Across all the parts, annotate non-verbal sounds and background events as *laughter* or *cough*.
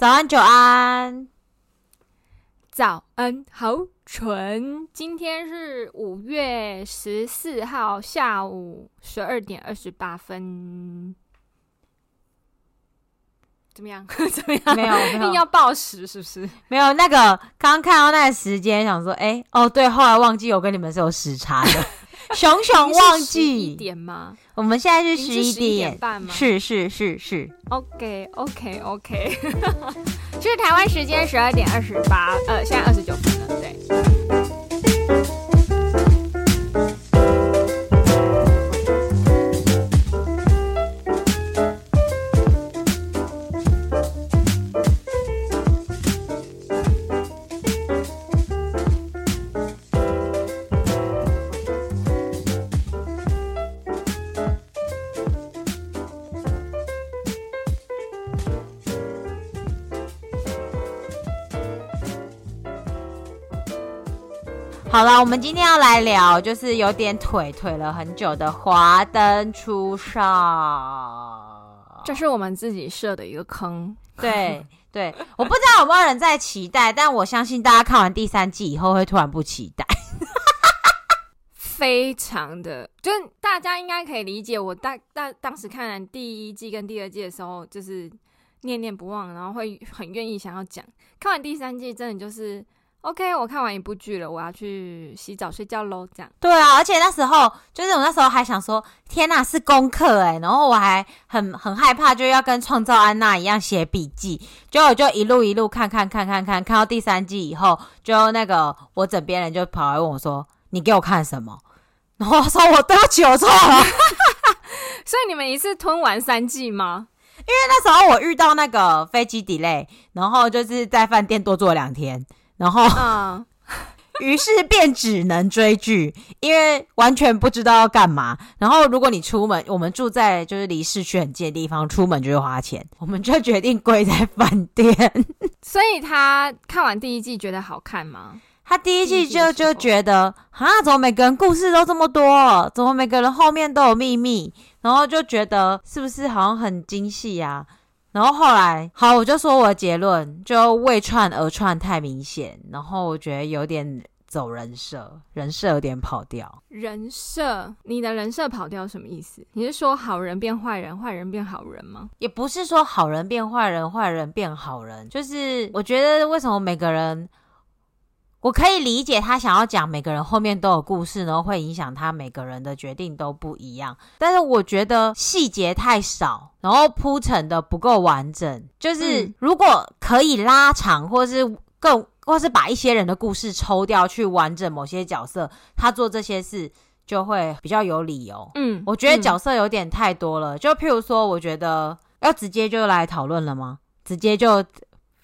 早安，久安，早安，好蠢。今天是五月十四號下午十二點二十八分，怎麼樣？怎麼樣？沒有，一定要報時是不是？沒有，那個剛剛看到那個時間，想說，哎、欸，哦，對，後來忘記我跟你們是有時差的。 *laughs* 熊熊忘記一點嗎？我們現在是十一點半嗎？是是是是。OK OK OK，就 *laughs* 是台灣時間十二點二十八，呃，現在二十九分了，對。好了，我們今天要來聊，就是有點拖，拖了很久的華燈出《華燈初上》，這是我們自己設的一個坑。對對，對 *laughs* 我不知道有沒有人在期待，但我相信大家看完第三季以後會突然不期待。 *laughs* 非常的，就是大家應該可以理解，我大大當時看完第一季跟第二季的時候，就是念念不忘，然後會很願意想要講。看完第三季，真的就是。OK，我看完一部劇了，我要去洗澡睡覺嘍。這樣。對啊，而且那時候就是我那時候還想說，天哪，是功課誒、欸。然後我還很很害怕，就要跟創造安娜一樣寫筆記。就我就一路一路看看看看，看看，看到第三季以後，就那個我枕邊人就跑來問我說：“你給我看什麼？”然後我說：“我都要求饒了。” *laughs* *laughs* 所以你們一次吞完三季嗎？因為那時候我遇到那個飛機 delay，然後就是在飯店多坐兩天。然後，uh. *laughs* 於是便只能追劇，因為完全不知道要幹嘛。然後，如果你出門，我們住在就是離市區很近的地方，出門就會花錢。我們就決定龜在飯店。 *laughs* 所以他看完第一季覺得好看嗎？他第一季就一季就覺得啊，怎麼每個人故事都這麼多？怎麼每個人後面都有秘密？然後就覺得是不是好像很精細呀、啊？然後後來，好，我就說我的結論，就為串而串太明顯，然後我覺得有點走人設，人設有點跑掉。人設，你的人設跑掉什麼意思？你是說好人變壞人，壞人變好人嗎？也不是說好人變壞人，壞人變好人，就是我覺得為什麼每個人，我可以理解他想要講每個人後面都有故事，然後會影響他每個人的決定都不一樣，但是我覺得細節太少。然後鋪陳的不夠完整，就是、嗯、如果可以拉長，或是更，或是把一些人的故事抽掉，去完整某些角色，他做這些事就會比較有理由。嗯，我覺得角色有點太多了。嗯、就譬如說，我覺得要直接就來討論了嗎？直接就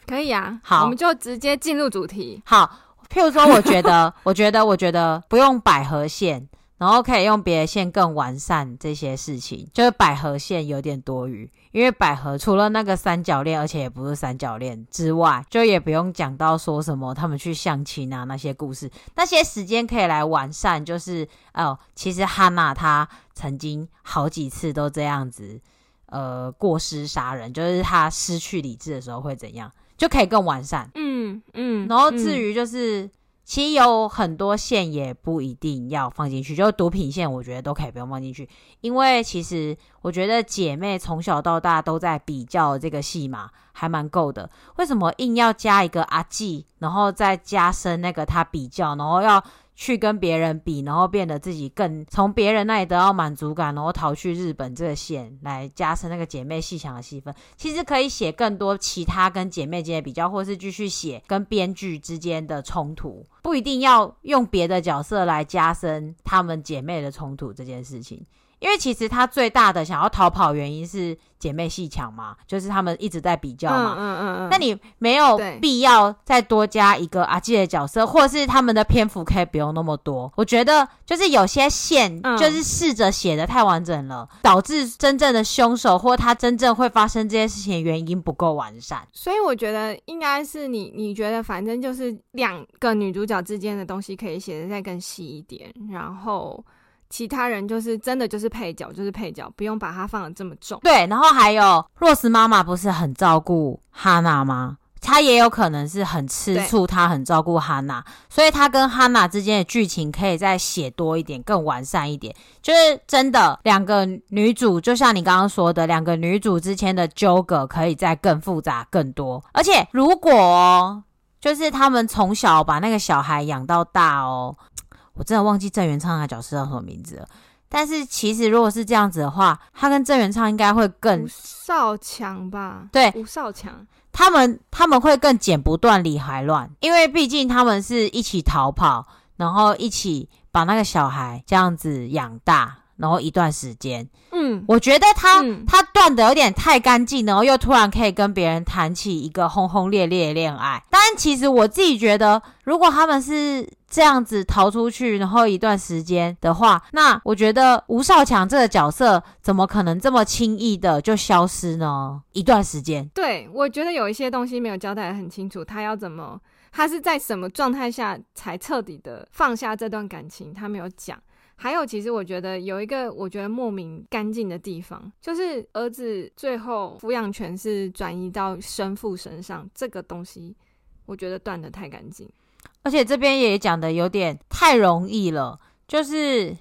可以啊。好，我們就直接進入主題。好，譬如說，我覺得， *laughs* 我覺得，我覺得不用百合線。然後可以用別的線更完善這些事情，就是百合線有點多餘，因為百合除了那個三角戀，而且也不是三角戀之外，就也不用講到說什麼他們去相親啊那些故事，那些時間可以來完善，就是哦，其實哈娜她曾經好幾次都這樣子，呃，過失殺人，就是她失去理智的時候會怎樣，就可以更完善。嗯嗯，嗯然後至於就是。嗯其實有很多線也不一定要放進去，就毒品線，我覺得都可以不用放進去。因為其實我覺得姐妹從小到大都在比較這個戲碼，還蠻夠的。為什麼硬要加一個阿季，然後再加深那個她比較，然後要去跟別人比，然後變得自己更從別人那裡得到滿足感，然後逃去日本這個線，來加深那個姐妹鬩牆的戲份。其實可以寫更多其他跟姐妹間的比較，或是繼續寫跟編劇之間的衝突，不一定要用別的角色來加深她們姐妹的衝突這件事情。因為其實他最大的想要逃跑原因是姐妹鬩牆嘛，就是他們一直在比較嘛。嗯嗯嗯，那你沒有必要再多加一個阿季的角色，對或者是他們的篇幅可以不用那麼多。我覺得就是有些線就是試着寫得太完整了，嗯、導致真正的凶手或他真正會發生這些事情的原因不夠完善。所以我覺得應該是你你覺得反正就是兩個女主角之間的東西可以寫得再更細一點，然後。其他人就是真的就是配角，就是配角，不用把它放得這麼重。對，然後還有蘿絲媽媽不是很照顧哈娜嗎？她也有可能是很吃醋，她很照顧哈娜對，所以她跟哈娜之間的劇情可以再寫多一點，更完善一點。就是真的兩個女主，就像你剛剛說的，兩個女主之間的糾葛可以再更複雜更多。而且如果、哦、就是他們從小把那個小孩養到大哦。我真的忘記鄭元暢的角色叫什麼名字了，但是其實如果是這樣子的話，他跟鄭元暢應該會更，吳少強吧？對，吳少強，他們他們會更剪不斷理還亂，因為畢竟他們是一起逃跑，然後一起把那個小孩這樣子養大。然後一段時間，嗯，我覺得他、嗯、他斷的有點太乾淨，然後又突然可以跟別人談起一個轟轟烈烈的戀愛。但其實我自己覺得，如果他們是這樣子逃出去，然後一段時間的話，那我覺得吳少強這個角色怎麼可能這麼輕易的就消失呢？一段時間，對，我覺得有一些東西沒有交代的很清楚，他要怎麼，他是在什麼狀態下才徹底的放下這段感情，他沒有講。還有，其實我覺得有一個，我覺得莫名乾淨的地方，就是兒子最後撫養權是轉移到生父身上，這個東西我覺得斷得太乾淨，而且這邊也講得有點太容易了，就是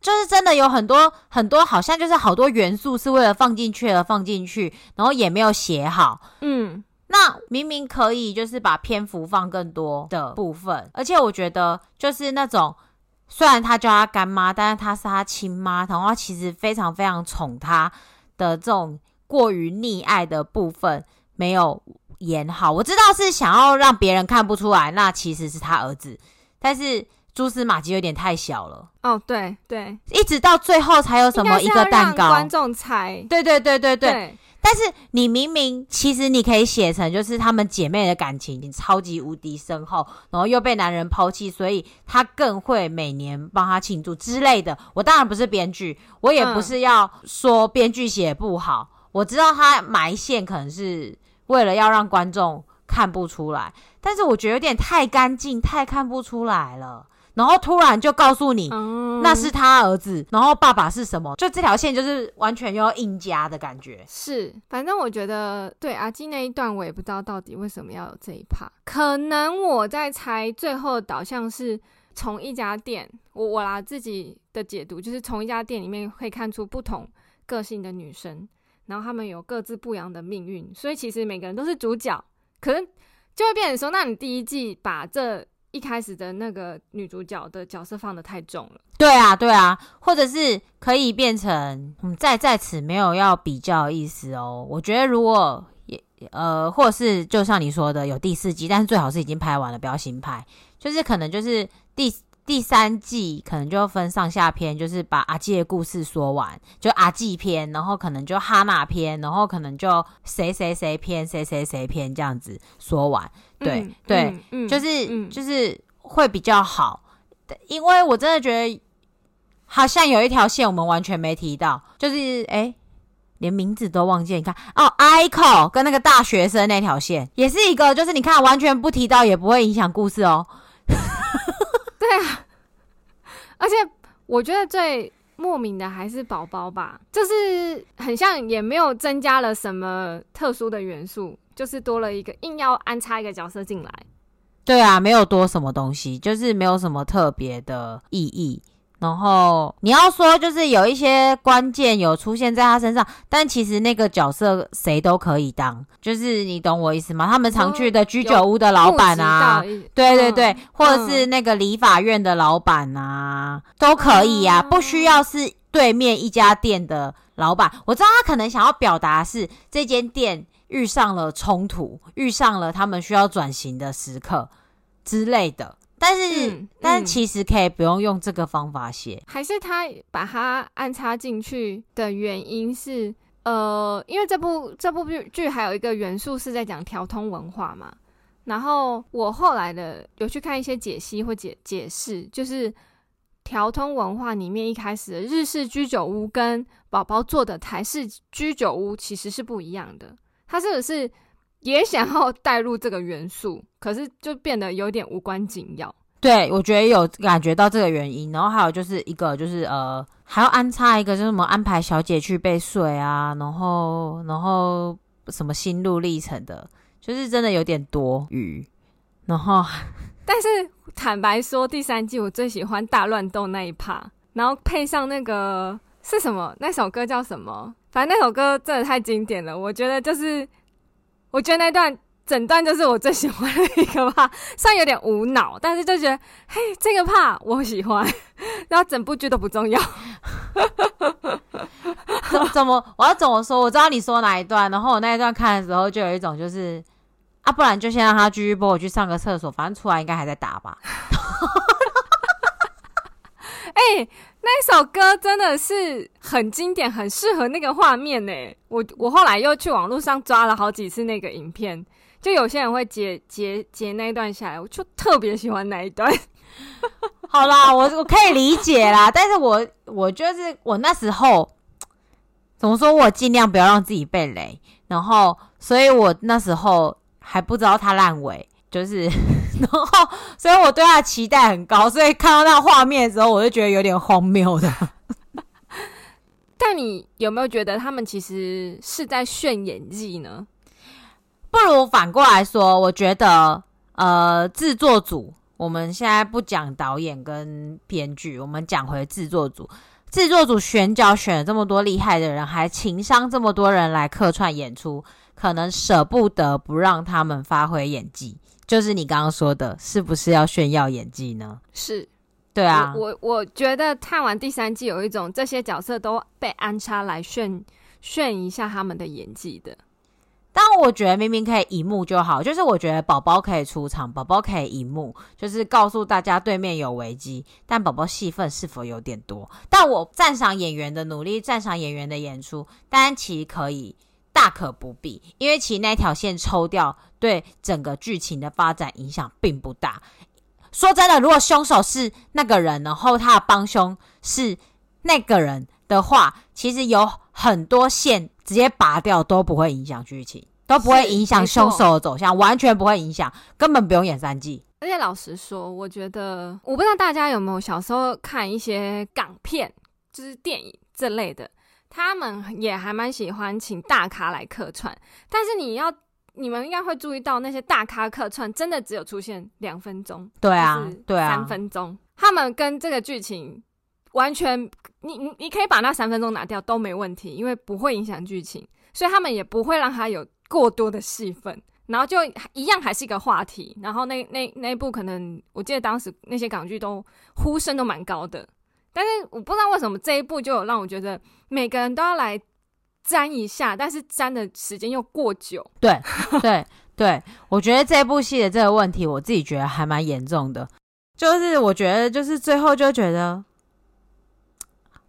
就是真的有很多很多，好像就是好多元素是為了放進去而放進去，然後也沒有寫好，嗯，那明明可以就是把篇幅放更多的部分，而且我覺得就是那種。雖然他叫他乾媽，但是他是他親媽，然後他其實非常非常寵他的這種過於溺愛的部分沒有演好。我知道是想要讓別人看不出來，那其實是他兒子，但是蛛絲馬跡有點太小了。哦、oh，對對，一直到最後才有什麼一個蛋糕，觀眾猜，對對對對對。對但是你明明其實你可以寫成，就是她們姐妹的感情已經超級無敵深厚，然後又被男人拋棄，所以她更會每年幫她慶祝之類的。我當然不是編劇，我也不是要說編劇寫不好。嗯。我知道他埋線可能是為了要讓觀眾看不出來，但是我覺得有點太乾淨，太看不出來了。然後突然就告訴你，嗯，那是他兒子。然後爸爸是什麼？就這條線就是完全要硬加的感覺。是，反正我覺得對阿季那一段，我也不知道到底為什麼要有這一趴。可能我在猜，最後的導向是從一家店。我我啦自己的解讀就是從一家店裡面會看出不同個性的女生，然後她們有各自不一樣的命運。所以其實每個人都是主角，可是就會變成說，那你第一季把這。一開始的那個女主角的角色放得太重了，對啊，對啊，或者是可以變成嗯，在在此沒有要比較的意思哦。我覺得如果也呃，或是就像你說的，有第四季，但是最好是已經拍完了，不要新拍。就是可能就是第第三季可能就分上下篇，就是把阿季的故事說完，就阿季篇，然後可能就哈娜篇，然後可能就誰誰誰篇，誰誰誰篇這樣子說完。對、嗯、對，就是、嗯、就是會比較好，因為我真的覺得好像有一條線我們完全沒提到，就是哎、欸，連名字都忘記了。你看哦，愛子跟那個大學生那條線也是一個，就是你看完全不提到也不會影響故事哦。 *laughs* 對啊，而且我覺得最莫名的還是寶寶吧，就是很像也沒有增加了什麼特殊的元素。就是多了一個硬要安插一個角色進來，對啊，沒有多什麼東西，就是沒有什麼特別的意義。然後你要說，就是有一些關鍵有出現在他身上，但其實那個角色誰都可以當，就是你懂我意思嗎？他們常去的居酒屋的老闆啊，對對對，嗯、或者是那個理髮院的老闆啊，都可以呀，啊，嗯，不需要是對面一家店的老闆。我知道他可能想要表達是這間店，遇上了衝突，遇上了他們需要轉型的時刻之類的，但是，嗯、但是其實可以不用用這個方法寫，嗯嗯。還是他把它安插進去的原因是，呃，因為這部這部劇劇還有一個元素是在講條通文化嘛。然後我後來的有去看一些解析或解解釋，就是條通文化裡面一開始的日式居酒屋跟寶寶做的台式居酒屋其實是不一樣的。他是不是也想要帶入這個元素？可是就變得有點無關緊要。對，我覺得有感覺到這個原因。然後還有就是一個，就是呃，還要安插一個，就是什麼安排小姐去被睡啊，然後然後什麼心路歷程的，就是真的有點多餘。然後， *laughs* 但是坦白說，第三季我最喜歡大亂鬥那一趴，然後配上那個。是什麼？那首歌叫什麼？反正那首歌真的太經典了，我覺得就是，我覺得那段整段就是我最喜歡的一個吧。雖然有點無腦，但是就覺得嘿，這個怕我喜歡。然後整部劇都不重要， *laughs* *laughs* 怎麼我要怎麼說？我知道你說哪一段，然後我那一段看的時候，就有一種就是啊，不然就先讓他繼續播，我去上個廁所，反正出來應該還在打吧。哎、 *laughs* *laughs* 欸。那一首歌真的是很經典，很適合那個畫面呢。我我後來又去網絡上抓了好幾次那個影片，就有些人會截截截那一段下來，我就特別喜歡那一段。 *laughs* 好啦，我我可以理解啦， *laughs* 但是我我就是我那時候，怎麼說，我盡量不要讓自己被雷，然後，所以我那時候還不知道他爛尾，就是。 *laughs* *laughs* 然後，所以我對他的期待很高，所以看到那畫面的時候，我就覺得有點荒謬的。 *laughs* 但你有沒有覺得他們其實是在炫演技呢？不如反過來說，我覺得，呃，制作組，我們現在不講導演跟編劇，我們講回制作組。制作組選角選了這麼多厲害的人，還情商這麼多人來客串演出，可能捨不得不讓他們發揮演技。就是你剛剛說的，是不是要炫耀演技呢？是，對啊，我我覺得看完第三季有一種這些角色都被安插來炫炫一下他們的演技的。但我覺得明明可以一幕就好，就是我覺得寶寶可以出場，寶寶可以一幕，就是告訴大家對面有危機。但寶寶戲份是否有點多？但我讚賞演員的努力，讚賞演員的演出，當然其實可以。大可不必，因為其實那條線抽掉對整個劇情的發展影響並不大。說真的，如果兇手是那個人，然後他的幫兇是那個人的話，其實有很多線直接拔掉都不會影響劇情，都不會影響兇手的走向，完全不會影響，根本不用演三季。而且老實說，我覺得，我不知道大家有沒有小時候看一些港片，就是電影這類的。他們也還蠻喜歡請大咖來客串，但是你要你們應該會注意到，那些大咖客串真的只有出現兩分鐘，對啊，對啊，三分鐘。他們跟這個劇情完全，你你你可以把那三分鐘拿掉都沒問題，因為不會影響劇情，所以他們也不會讓他有過多的戲份，然後就一樣還是一個話題。然後那那那一部可能，我記得當時那些港劇都呼聲都蠻高的。但是我不知道為什麼這一部就有讓我覺得每個人都要來沾一下，但是沾的時間又過久。 *laughs* 對，對，對，我覺得這部戲的這個問題，我自己覺得還蠻嚴重的。就是我覺得，就是最後就覺得，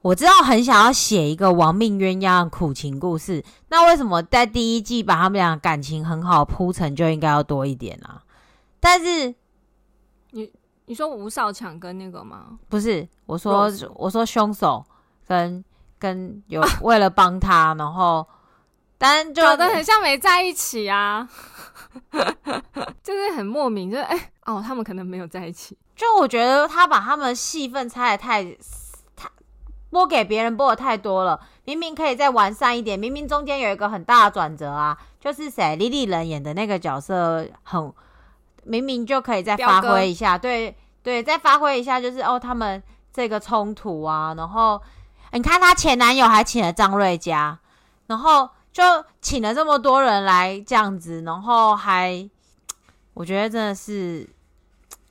我知道很想要寫一個亡命鴛鴦苦情故事，那為什麼在第一季把他們倆感情很好鋪陳就應該要多一點啊？但是。你說吳少強跟那個嗎？不是，我說 Rose. 我說凶手跟跟有為了幫他，啊、然後但就搞得很像沒在一起啊， *laughs* 就是很莫名，就哎、欸、哦，他們可能沒有在一起。就我覺得他把他們戲份拆的太太播給別人播的太多了，明明可以再完善一點，明明中間有一個很大的轉折啊，就是誰？李李仁演的那個角色很明明就可以再發揮一下哥對。對，再發揮一下，就是哦，他們這個衝突啊，然後你看他前男友還請了張睿家，然後就請了這麼多人來這樣子，然後還我覺得真的是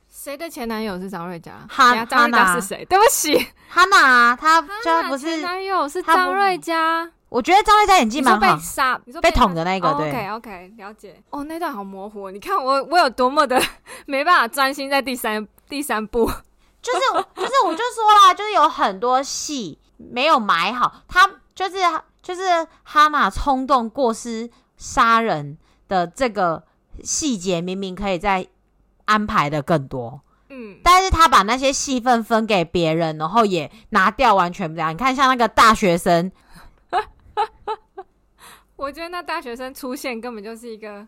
誰的前男友是張睿家？哈，哈娜？張睿家是誰？對不起，哈娜，他，哈娜，就他不是前男友是張睿家。我覺得張睿家演技蠻好。你說，被，殺你說被，被捅的那個，OK、哦、對。Okay, OK，了解。哦，那段好模糊、哦。你看我我有多麼的 *laughs* 沒辦法專心在第三。第三部就是，就是我就說啦， *laughs* 就是有很多戲沒有埋好，他就是就是哈馬衝動過失殺人的這個細節，明明可以再安排的更多，嗯，但是他把那些戲份分，分給別人，然後也拿掉完全不了，你看，像那個大學生， *laughs* 我覺得那大學生出現根本就是一個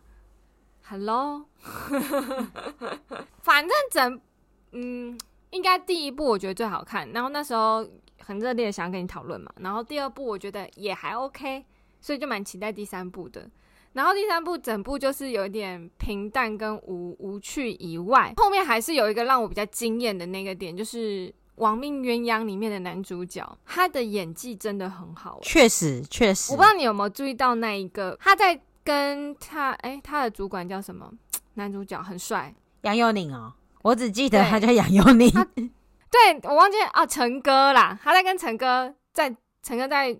很 low 反正整。嗯，應該第一部我覺得最好看，然後那時候很熱烈的想跟你討論嘛，然後第二部我覺得也還 OK，所以就蠻期待第三部的。然後第三部整部就是有一點平淡跟無無趣以外，後面還是有一個讓我比較驚豔的那個點，就是《亡命鴛鴦》裡面的男主角，他的演技真的很好。確實確實，確實我不知道你有沒有注意到那一個，他在跟他哎、欸、他的主管叫什麼？男主角很帥，楊佑寧哦。我只記得他叫楊祐寧。對，我忘記啊，陳哥啦，他在跟陳哥在陳哥在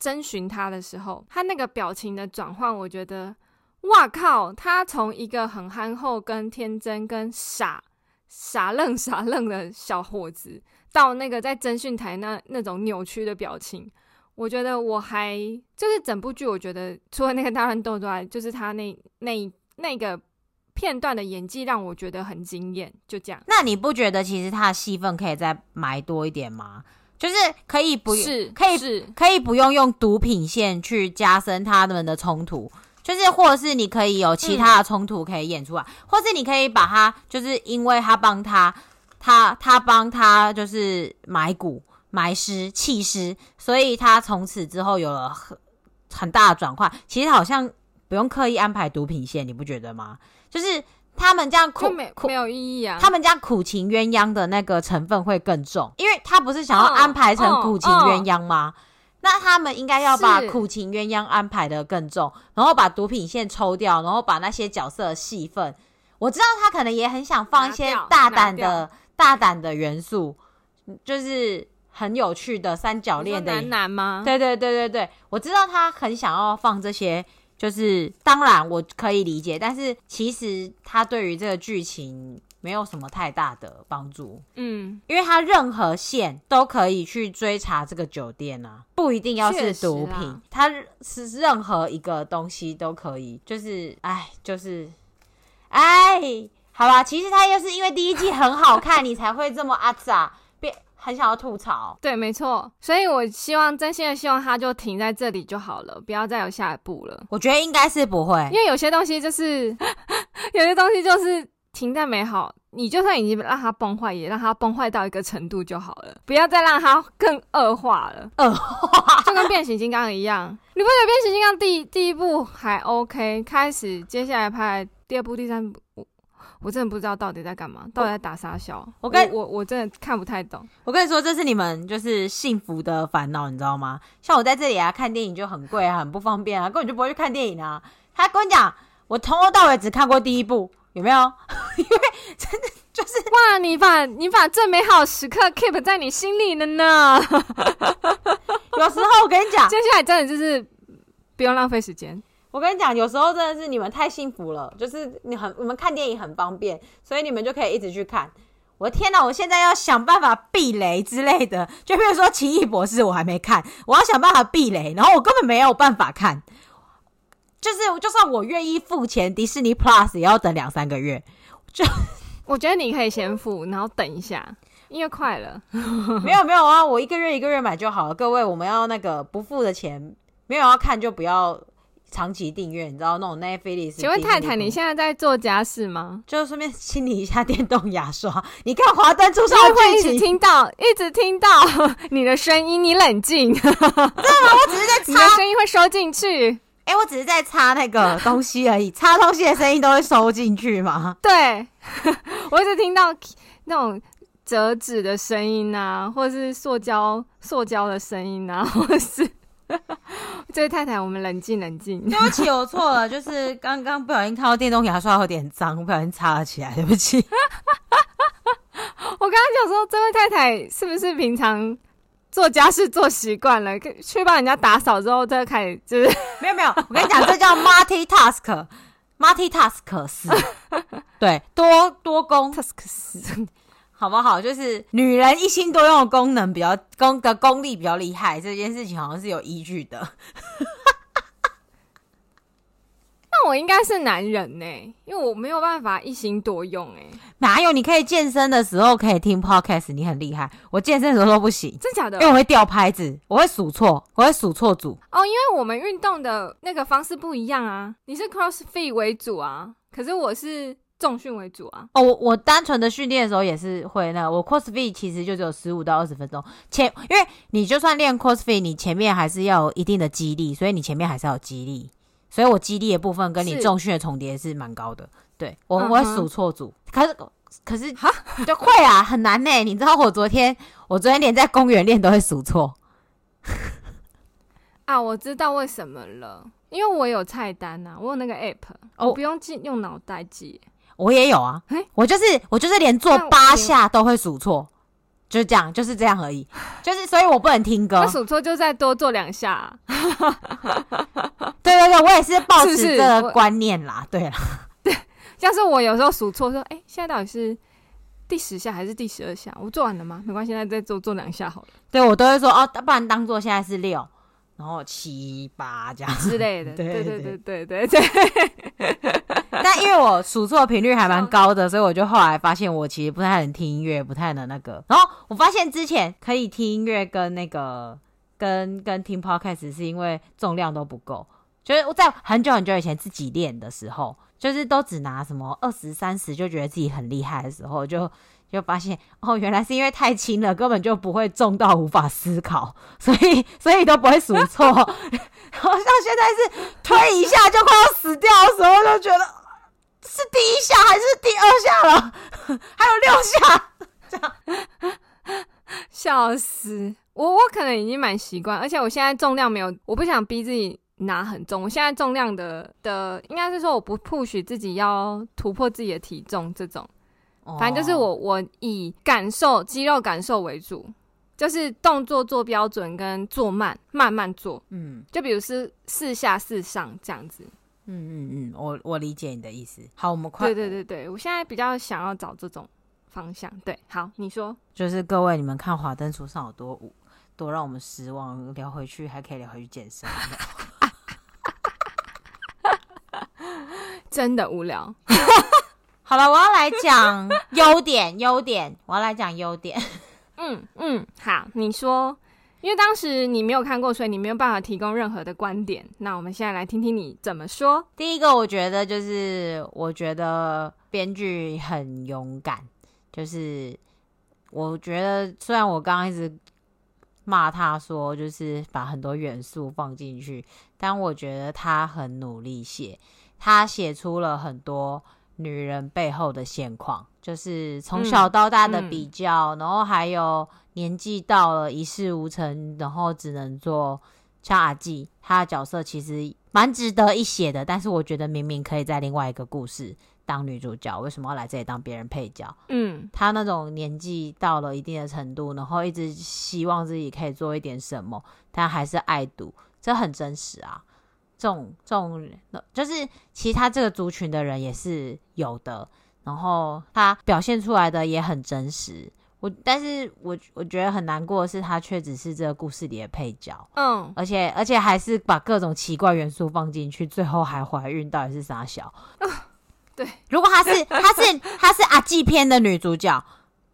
偵訊他的時候，他那個表情的轉換，我覺得哇靠，他從一個很憨厚，跟天真，跟傻傻愣傻愣的小伙子，到那個在偵訊台那那種扭曲的表情，我覺得我還就是整部劇，我覺得除了那個大亂鬥之外，就是他那那那個片段的演技讓我覺得很驚艷，就這樣。那你不覺得其實他的戲份可以再埋多一點嗎？就是可以不是可以是可以不用用毒品線去加深他們的衝突，就是或者是你可以有其他的衝突可以演出來，嗯，或是你可以把他就是因為他幫他他他幫他就是埋骨埋屍棄屍，所以他從此之後有了很很大的轉換。其實好像不用刻意安排毒品線，你不覺得嗎？就是他們這樣苦沒，沒有意義啊！他們這樣苦情鴛鴦的那個成分會更重，因為他不是想要安排成苦情鴛鴦嗎？哦哦、那他們應該要把苦情鴛鴦安排得更重，是然後把毒品線抽掉，然後把那些角色戲份。我知道他可能也很想放一些大膽的大膽的元素，就是很有趣的三角戀的男男嗎？對對對對對，我知道他很想要放這些。就是當然我可以理解，但是其實他對於這個劇情沒有什麼太大的幫助，嗯，因為他任何線都可以去追查這個酒店呢、啊，不一定要是毒品，啊、他是任何一個東西都可以，就是哎，就是哎，好吧，其實他又是因為第一季很好看， *laughs* 你才會這麼阿、啊、雜。很想要吐槽，對，沒錯，所以我希望真心的希望它就停在這裡就好了，不要再有下一步了。我覺得應該是不會，因為有些東西就是 *laughs* 有些東西就是停在美好，你就算已經讓它崩壞，也讓它崩壞到一個程度就好了，不要再讓它更惡化了。惡化 *laughs* 就跟變形金剛一樣， *laughs* 你不覺得變形金剛第第一部還 OK，開始，接下來拍第二部、第三部。我真的不知道到底在幹嘛，到底在打啥小。我跟我我真的看不太懂。我跟你說，這是你們就是幸福的煩惱，你知道嗎？像我在這裡啊，看電影就很貴啊，很不方便啊，根本就不會去看電影啊。他跟你講，我從頭到尾只看過第一部，有沒有？因 *laughs* 為真的就是哇，你把你把最美好時刻 keep 在你心裡了呢。 *laughs* 有時候我跟你講，接下來真的就是不用浪費時間。我跟你講，有時候真的是你們太幸福了，就是你很我們看電影很方便，所以你們就可以一直去看。我的天哪，我現在要想辦法避雷之類的，就比如說《奇異博士》，我還沒看，我要想辦法避雷，然後我根本沒有辦法看，就是就算我願意付錢，迪士尼 Plus 也要等兩三個月。就我覺得你可以先付，嗯、然後等一下，因為快了。沒有沒有啊，我一個月一個月買就好了。各位，我們要那個不付的錢，沒有要看就不要。長期訂閱，你知道那種 Netflix？請問太太，你現在在做家事嗎？就順便清理一下電動牙刷。你看華燈，華燈初上，會一直聽到，一直聽到你的聲音。你冷靜，對 *laughs* 嗎？我只是在擦。你的聲音會收進去？哎、欸，我只是在擦那個東西而已。擦東西的聲音都會收進去嗎？對， *laughs* 我一直聽到那種折紙的聲音啊，或者是塑膠塑膠的聲音啊，或是。 *laughs* 這位太太，我們冷靜冷靜。對不起，我錯了，就是剛剛不小心看到電動牙刷有點髒，我不小心擦了起來，對不起。 *laughs* 我剛剛講說，這位太太是不是平常做家事做習慣了，去幫人家打掃之後再、這個、開始，就是沒有沒有，我跟你講，這叫 multi task, *laughs* multi task，multi tasks，對，多多工。tasks 好不好？就是女人一心多用的功能比較功的功力比較厲害，這件事情好像是有依據的。 *laughs* 那我應該是男人呢、欸，因為我沒有辦法一心多用哎、欸。哪有？你可以健身的時候可以聽 podcast，你很厲害。我健身的時候都不行，真假的？因為我會掉拍子，我會數錯，我會數錯組。哦，因為我們運動的那個方式不一樣啊。你是 CrossFit 為主啊，可是我是。重訓為主啊！哦，我我單純的訓練的時候也是會，那我 CrossFit 其實就只有十五到二十分鐘前，因為你就算練 CrossFit 你前面還是要有一定的肌力，所以你前面還是要有肌力，所以我肌力的部分跟你重訓的重疊是蠻高的。是對，我我會數錯組、嗯哼可，可是可是哈，蛤你就會啊，很難呢、欸。你知道我昨天我昨天連在公園練都會數錯 *laughs* 啊！我知道為什麼了，因為我有菜單啊，我有那個 app 哦，我不用記，用腦袋記。我也有啊，欸、我就是我就是連做八下都會數錯，但我 就是這樣就是這樣而已，就是所以我不能聽歌。我數錯就再多做兩下，啊。 *laughs* 對對對，我也是抱持這個觀念啦。是是對啦對，像是我有時候數錯說，哎、欸，現在到底是第十下還是第十二下？我做完了嗎？沒關係，那再做做兩下好了。對，我都會說哦，不然當做現在是六。然後七八這樣之類的，對對對，對對對對對對。 *laughs* *laughs* 但因為我數錯頻率還蠻高的，所以我就後來發現我其實不太能聽音樂，不太能那個。然後我發現之前可以聽音樂跟那個跟跟聽 Podcast，是因為重量都不夠。就是我在很久很久以前自己練的時候，就是都只拿什麼二十三十就覺得自己很厲害的時候就。就發現哦，原來是因為太輕了，根本就不會重到無法思考，所以所以都不會數錯。 *laughs* 好像現在是推一下就快要死掉的時候，就覺得是第一下還是第二下了？ *laughs* 還有六下，這樣。笑死！我我可能已經蠻習慣，而且我現在重量沒有，我不想逼自己拿很重。我現在重量的的應該是說，我不 push 自己要突破自己的體重這種。反正就是我，我以感受肌肉感受為主，就是動作做標準，跟做慢，慢慢做。嗯，就比如是四下四上這樣子。嗯嗯嗯，我我理解你的意思。好，我們快。對對對對，我現在比較想要找這種方向。對，好，你說。就是各位，你們看華燈初上，有多無多讓我們失望。聊回去還可以聊回去健身， *laughs* *laughs* 真的無聊。 *laughs* 好了，我要來講優點，優 *laughs* 點，我要來講優點。嗯嗯，好，你說，因為當時你沒有看過，所以你沒有辦法提供任何的觀點。那我們現在來聽聽你怎麼說？第一個，我覺得就是，我覺得編劇很勇敢，就是我覺得雖然我剛剛一直罵他說，就是把很多元素放進去，但我覺得他很努力寫，他寫出了很多。女人背後的現況，就是從小到大的比較，嗯嗯、然後還有年紀到了一事無成，然後只能做像阿季，她的角色，其實蠻值得一寫的。但是我覺得明明可以在另外一個故事當女主角，為什麼要來這裡當別人配角？嗯，她那種年紀到了一定的程度，然後一直希望自己可以做一點什麼，但還是愛賭，這很真實啊。這種這種人就是其他這個族群的人也是有的，然後他表現出來的也很真實。我但是我我覺得很難過的是，他卻只是這個故事裡的配角。嗯，而且而且還是把各種奇怪元素放進去，最後還懷孕，到底是啥小、呃？對，如果他是他是他是阿季篇的女主角，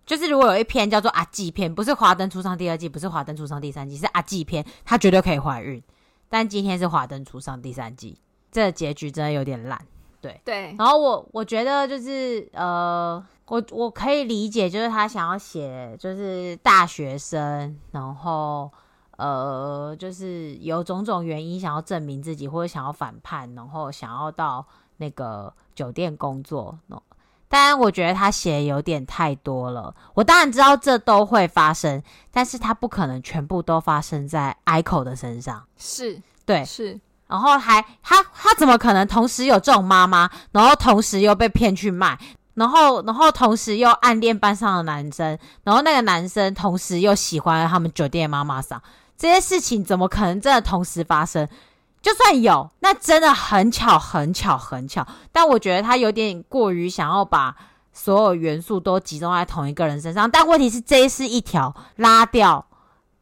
就是如果有一篇叫做阿季篇，不是《華燈初上》第二季，不是《華燈初上》第三季，是阿季篇，她絕對可以懷孕。但今天是《華燈初上》第三季，這個結局真的有點爛，對對。然後我我覺得就是呃，我我可以理解，就是他想要寫就是大學生，然後呃，就是有種種原因想要證明自己，或者想要反叛，然後想要到那個酒店工作。但我覺得他寫有點太多了。我當然知道這都會發生，但是他不可能全部都發生在 ICO 的身上。是，對，是。然後還他他怎麼可能同時有這種媽媽，然後同時又被騙去賣，然後然後同時又暗戀班上的男生，然後那個男生同時又喜歡他們酒店的媽媽桑，這些事情怎麼可能真的同時發生？就算有，那真的很巧，很巧，很巧。但我覺得他有點過於想要把所有元素都集中在同一個人身上。但問題是，這是一條拉掉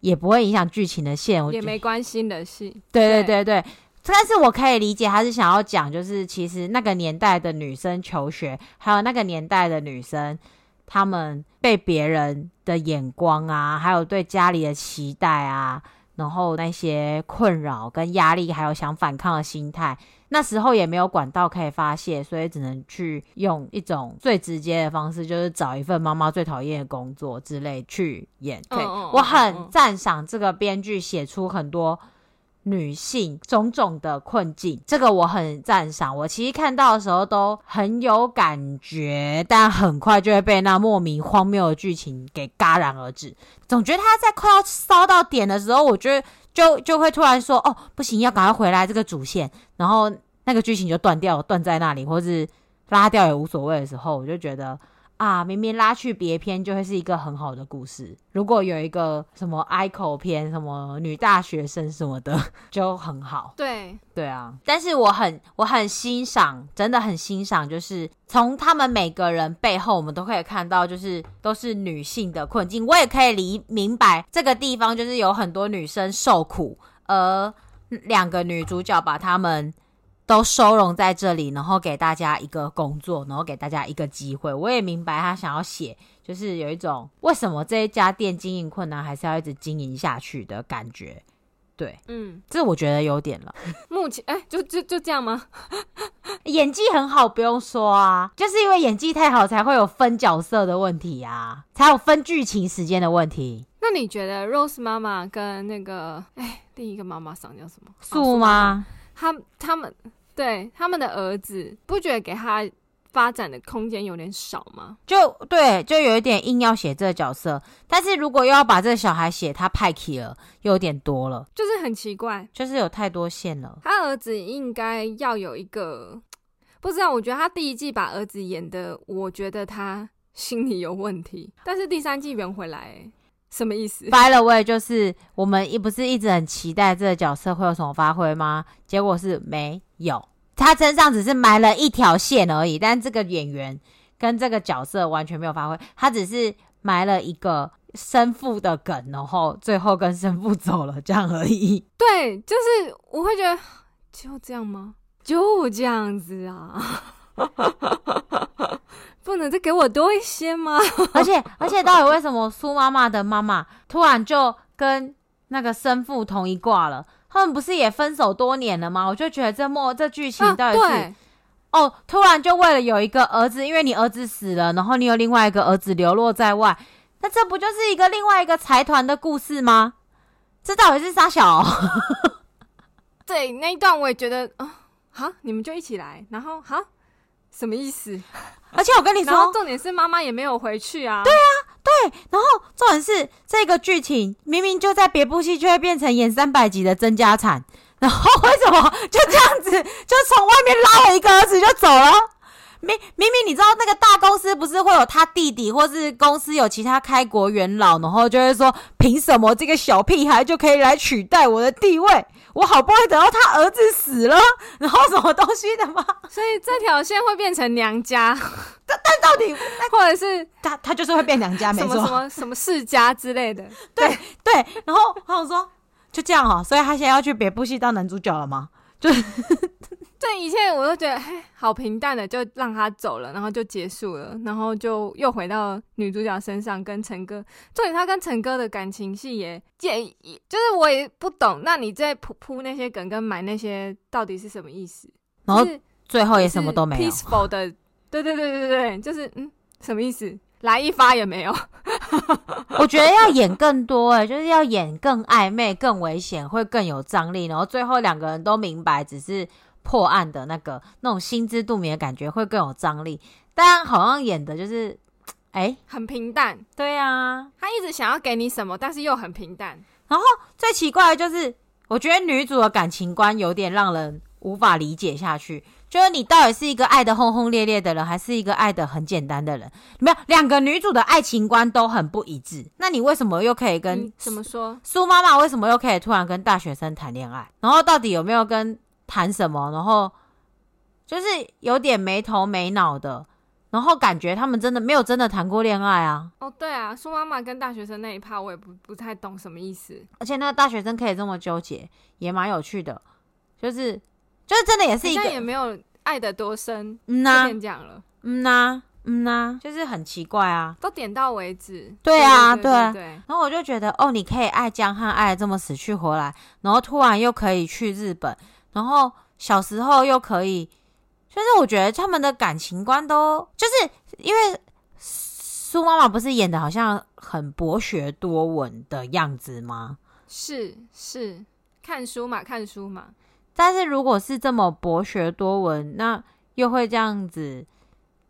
也不會影響劇情的線，我覺得也沒關係的戲。對對對對，對但是我可以理解，他是想要講，就是其實那個年代的女生求學，還有那個年代的女生，她們被別人的眼光啊，還有對家裡的期待啊。然後那些困擾跟壓力，還有想反抗的心態，那時候也沒有管道可以發洩，所以只能去用一種最直接的方式，就是找一份媽媽最討厭的工作之類去演。對，我很讚賞這個編劇寫出很多，女性種種的困境，這個我很讚賞。我其實看到的時候都很有感覺，但很快就會被那莫名荒謬的劇情給戛然而止。總覺得他在快要燒到點的時候，我覺得就就，就會突然說：“哦，不行，要趕快回來這個主線。”然後那個劇情就斷掉，斷在那裡，或是拉掉也無所謂的時候，我就覺得。啊，明明拉去別篇就會是一個很好的故事。如果有一個什麼哀口篇，什麼女大學生什麼的，就很好。對，對啊。但是我很我很欣賞，真的很欣賞，就是從他們每個人背後，我們都可以看到，就是都是女性的困境。我也可以理明白這個地方，就是有很多女生受苦，而、呃、兩個女主角把他們。都收容在這裡，然後給大家一個工作，然後給大家一個機會。我也明白他想要寫，就是有一種為什麼這一家店經營困難，還是要一直經營下去的感覺。對，嗯，這我覺得有點了。目前，哎、欸，就就就這樣嗎？ *laughs* 演技很好，不用說啊，就是因為演技太好，才會有分角色的問題啊，才有分劇情時間的問題。那你覺得 Rose 媽媽跟那個，哎、欸，另一個媽媽桑叫什麼？素嗎？哦素媽媽，他他們對他們的兒子，不覺得給他發展的空間有點少嗎？就對，就有一點硬要寫這個角色，但是如果又要把這個小孩寫他派起了，又有點多了，就是很奇怪，就是有太多線了。他兒子應該要有一個，不知道，我覺得他第一季把兒子演的，我覺得他心理有問題，但是第三季圓回來。什麼意思？By the way，就是我們一不是一直很期待這個角色會有什麼發揮嗎？結果是沒有，他身上只是埋了一條線而已。但這個演員跟這個角色完全沒有發揮，他只是埋了一個生父的梗，然後最後跟生父走了這樣而已。對，就是我會覺得就這樣嗎？就這樣子啊。 *laughs* *laughs* 不能再給我多一些嗎？ *laughs* 而且，而且，到底為什麼蘇媽媽的媽媽突然就跟那個生父同一掛了？他們不是也分手多年了嗎？我就覺得這末這劇情到底是……啊、對哦，突然就為了有一個兒子，因為你兒子死了，然後你有另外一個兒子流落在外，那這不就是一個另外一個財團的故事嗎？這到底是啥小、哦？ *laughs* 對，那一段我也覺得啊，好、哦，你們就一起來，然後好。什麼意思？而且我跟你說，重點是媽媽也沒有回去啊。對啊，對。然後重點是這個劇情明明就在別部戲，就會變成演三百集的爭家產。然後為什麼就這樣子就從外面拉了一個兒子就走了？明明明你知道那個大公司不是會有他弟弟，或是公司有其他開國元老，然後就會說，憑什麼這個小屁孩就可以來取代我的地位？我好不容易等到他兒子死了，然後什麼東西的嗎？所以這條線會變成娘家，但 *laughs* 但到底或者是他他就是會變娘家，沒錯，什麼什麼，說什麼世家之類的，對對，對。然後他說就這樣哦、喔，所以他現在要去別部戲當男主角了嗎？就是。這一切我都覺得嘿，好平淡的，就讓他走了，然後就結束了，然後就又回到女主角身上跟成哥，跟陳哥重點，他跟陳哥的感情戲也介，就是我也不懂，那你再鋪鋪那些梗跟買那些到底是什麼意思？就是、然後最後也什麼都沒有。peaceful 的，對對對對對對，就是嗯，什麼意思？來一發也沒有。 *laughs* *laughs* 我覺得要演更多、欸，哎，就是要演更曖昧、更危險，會更有張力。然後最後兩個人都明白，只是。破案的那個那種心知肚明的感覺會更有張力，但好像演的就是哎、欸、很平淡。對啊，他一直想要給你什麼，但是又很平淡。然後最奇怪的就是，我覺得女主的感情觀有點讓人無法理解下去。就是你到底是一個愛得轟轟烈烈的人，還是一個愛得很簡單的人？有沒有，兩個女主的愛情觀都很不一致。那你為什麼又可以跟、嗯、怎麼說蘇媽媽？媽媽為什麼又可以突然跟大學生談戀愛？然後到底有沒有跟？談什麼？然後就是有點沒頭沒腦的，然後感覺他們真的沒有真的談過戀愛啊。哦，對啊，蘇媽媽跟大學生那一趴，我也不不太懂什麼意思。而且那個大學生可以這麼糾結，也蠻有趣的，就是就是真的也是一個、哎、也沒有愛得多深。嗯吶、啊，講了，嗯吶、啊，嗯吶、啊，就是很奇怪啊。都點到為止。對啊，對啊，對啊。對啊，對，然後我就覺得，哦，你可以愛江漢愛得這麼死去活來，然後突然又可以去日本。然後小時候又可以，就是我覺得他們的感情觀都，就是因為蘇媽媽不是演的好像很博學多聞的樣子嗎？是是，看書嘛，看書嘛。但是如果是這麼博學多聞，那又會這樣子，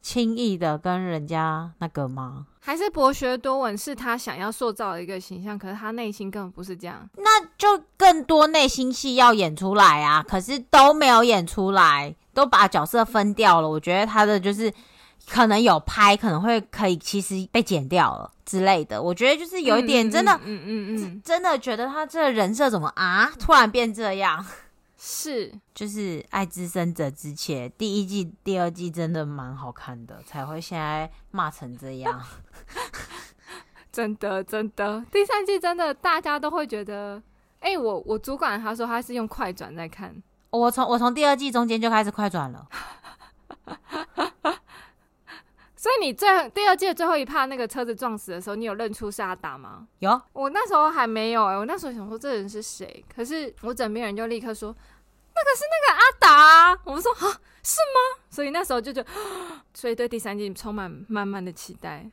輕易的跟人家那個嗎？還是博學多聞是他想要塑造的一個形象，可是他內心根本不是這樣。那就更多內心戲要演出來啊！ *laughs* 可是都沒有演出來，都把角色分掉了。我覺得他的就是可能有拍，可能會可以，其實被剪掉了之類的。我覺得就是有一點真的，嗯嗯嗯，嗯嗯嗯真的覺得他這個人設怎麼啊，突然變這樣。是，就是《愛之深責之切》第一季、第二季真的蠻好看的，才會現在罵成這樣。 *laughs* 真的，真的，第三季真的大家都會覺得，哎、欸，我我主管他說他是用快轉在看，我從我從第二季中間就開始快轉了。 *laughs* 所以你最第二季的最後一趴那個車子撞死的時候，你有認出是阿達嗎？有，我那時候還沒有哎、欸，我那時候想說這人是誰，可是我枕邊人就立刻說那個是那個阿達、啊。我們說啊，是嗎？所以那時候就覺得所以對第三季充滿滿滿的期待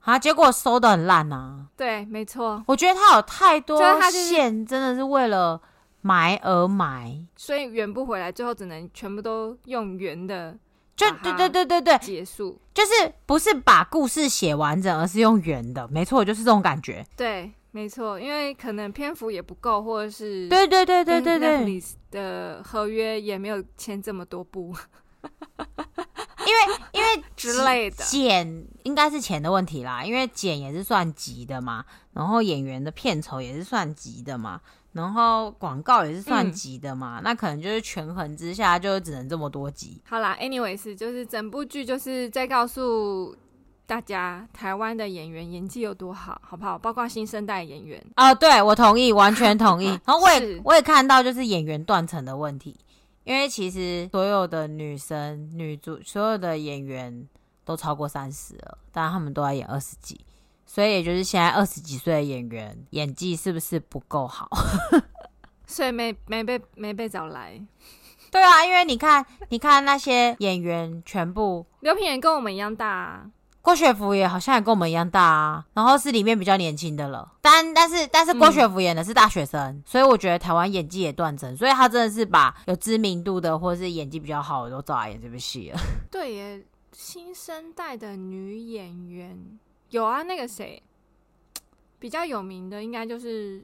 啊！結果收得很爛吶、啊。對，沒錯。我覺得他有太多線真的是為了埋而埋，所以圓不回來，最後只能全部都用圓的。就對對對對對，對結束就是不是把故事寫完整，而是用圓的，沒錯，就是這種感覺。對，沒錯，因為可能篇幅也不夠，或者是對對對對對對 Netflix 的合約也沒有簽這麼多部， *laughs* 因為因為之類的剪應該是錢的問題啦，因為剪也是算集的嘛，然後演員的片酬也是算集的嘛。然後廣告也是算集的嘛。嗯、那可能就是權衡之下就只能這麼多集。好啦，anyways，就是整部劇就是在告訴大家台灣的演員演技有多好，好不好？包括新生代演員啊、呃，對，我同意，完全同意。哈哈然後我也是我也看到就是演員斷層的問題，因為其實所有的女生女主，所有的演員都超過三十了，但是他們都要演二十幾。所以也就是現在二十幾歲的演員演技是不是不夠好？ *laughs* 所以沒沒被沒被找來？對啊，因為你看，你看那些演員全部劉 *laughs* 品言跟我們一樣大，啊，郭雪芙也好像也跟我們一樣大啊。然後是裡面比較年輕的了，但但是但是郭雪芙演的是大學生，嗯、所以我覺得台灣演技也斷層，所以他真的是把有知名度的或者是演技比較好的都找來演這部戲了。對耶，新生代的女演員。有啊，那個誰比較有名的，應該就是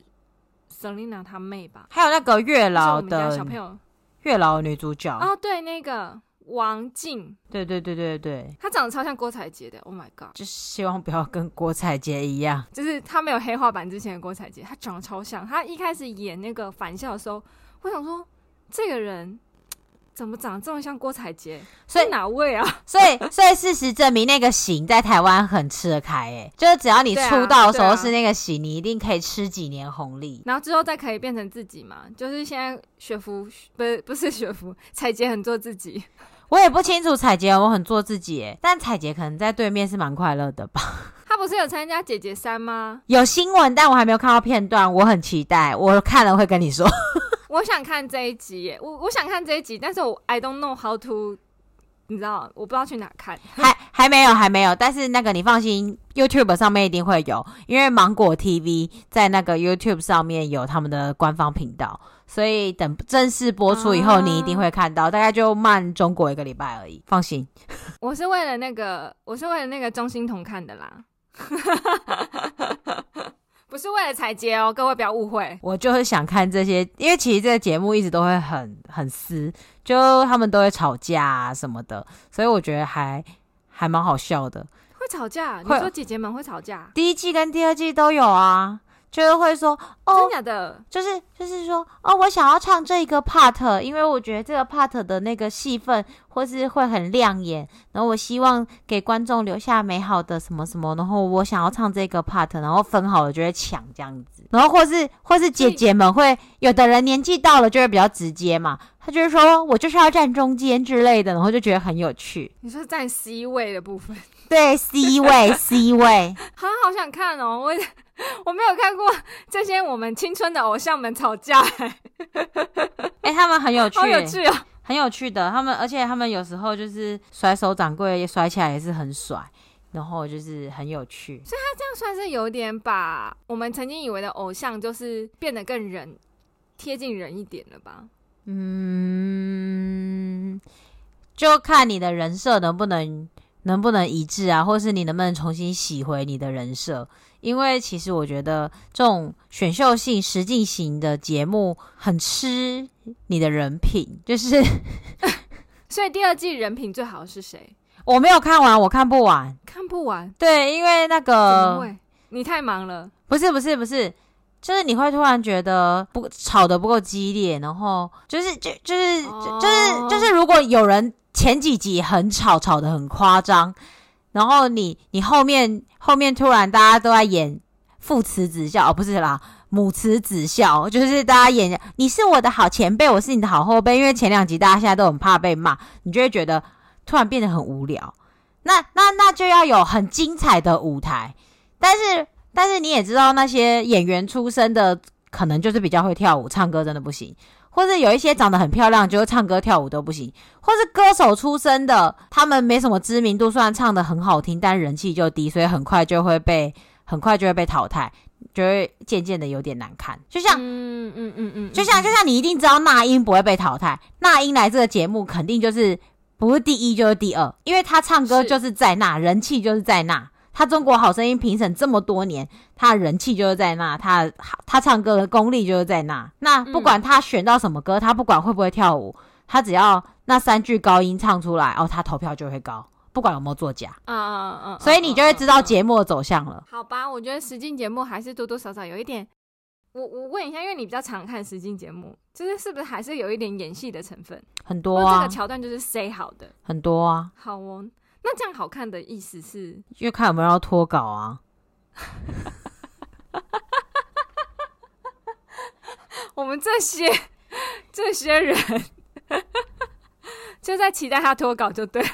Selina 她妹吧，還有那個月老的，小朋友月老女主角啊，哦，對，那個王靜，對對對對對，她長得超像郭采潔的，Oh my god！就希望不要跟郭采潔一樣，就是她沒有黑化版之前的郭采潔，她長得超像，她一開始演那個返校的時候，我想說這個人。怎麼長這麼像郭采潔？所以在哪位啊？所以所以事實證明，那個型在台灣很吃得開，欸，哎，就是只要你出道的時候、啊啊、是那個型，你一定可以吃幾年紅利。然後之後再可以變成自己嘛？就是現在雪芙不不是雪芙，采潔很做自己。我也不清楚采潔，我很做自己，欸，但采潔可能在對面是蠻快樂的吧？她不是有參加姐姐三嗎？有新聞，但我還沒有看到片段，我很期待，我看了會跟你說。我想看這一集耶，我我想看這一集，但是我 I don't know how to，你知道我不知道去哪看，還還沒有，還沒有，但是那個你放心，YouTube 上面一定會有，因為芒果 TV 在那個 YouTube 上面有他們的官方頻道，所以等正式播出以後，你一定會看到。Uh, 大概就慢中國一個禮拜而已，放心。 *laughs* 我是為了那個，我是為了那個鍾欣桐看的啦。 *laughs* 不是為了裁接哦，各位不要誤會。我就是想看這些，因為其實這個節目一直都會很很撕，就他們都會吵架、啊、什麼的，所以我覺得還還蠻好笑的。會吵架？你說姐姐們會吵架？第一季跟第二季都有啊。就是會說哦，真的假的，就是就是說哦，我想要唱這個 part，因為我覺得這個 part 的那個戲份或是會很亮眼，然後我希望給觀眾留下美好的什麼什麼，然後我想要唱這個 part，然後分好了就會搶這樣子，然後或是或是姐姐們會以有的人年紀到了就會比較直接嘛，他就是說我就是要站中間之類的，然後就覺得很有趣。你說站 C 位的部分？對，C 位，C 位，好 *laughs* 好想看哦，我。我沒有看過這些我們青春的偶像們吵架、欸，哎 *laughs* 欸，他們很有趣、欸，好有趣哦、喔，很有趣的。他們而且他們有時候就是甩手掌櫃，甩起來也是很甩，然後就是很有趣。所以他這樣算是有點把我們曾經以為的偶像，就是變得更人貼近人一點了吧？嗯，就看你的人設能不能能不能一致啊，或是你能不能重新洗回你的人設。因為其實我覺得這種選秀性、實境型的節目很吃你的人品，就是， *laughs* 所以第二季人品最好是誰？我沒有看完，我看不完，看不完。對，因為那個，你太忙了。不是不是不是，就是你會突然覺得不，吵得不夠激烈，然後就是就就是就就是就是，如果有人前幾集很吵，吵得很誇張，然後你你後面。後面突然大家都在演父慈子孝，哦，不是啦，母慈子孝，就是大家演你是我的好前輩，我是你的好後輩。因為前兩集大家現在都很怕被罵，你就會覺得突然變得很無聊。那那那就要有很精彩的舞台，但是但是你也知道那些演員出身的，可能就是比較會跳舞、唱歌，真的不行。或是有一些長得很漂亮，就是唱歌跳舞都不行；或是歌手出身的，他們沒什麼知名度，雖然唱的很好聽，但人氣就低，所以很快就會被很快就會被淘汰，就會漸漸的有點難看。就像嗯嗯嗯嗯，嗯嗯嗯嗯就像就像你一定知道那英不會被淘汰，那英來這個節目肯定就是不是第一就是第二，因為他唱歌就是在那，是人氣就是在那。他中國好聲音評審這麼多年，他人氣就是在那，他他唱歌的功力就是在那。那不管他選到什麼歌，他不管會不會跳舞，他只要那三句高音唱出來，哦，他投票就會高，不管有沒有作假啊啊啊啊！嗯嗯嗯嗯嗯，所以你就會知道節目的走向了。嗯嗯嗯嗯嗯。好吧，我覺得實境節目還是多多少少有一點，我我問一下，因為你比較常看實境節目，就是是不是還是有一點演戲的成分？很多，這個橋段就是 c 好的，很多啊。好，多啊，好哦。那這樣好看的意思是，因為看有沒有要脫稿啊。 *laughs* 我們這些這些人，就在期待他脫稿就對，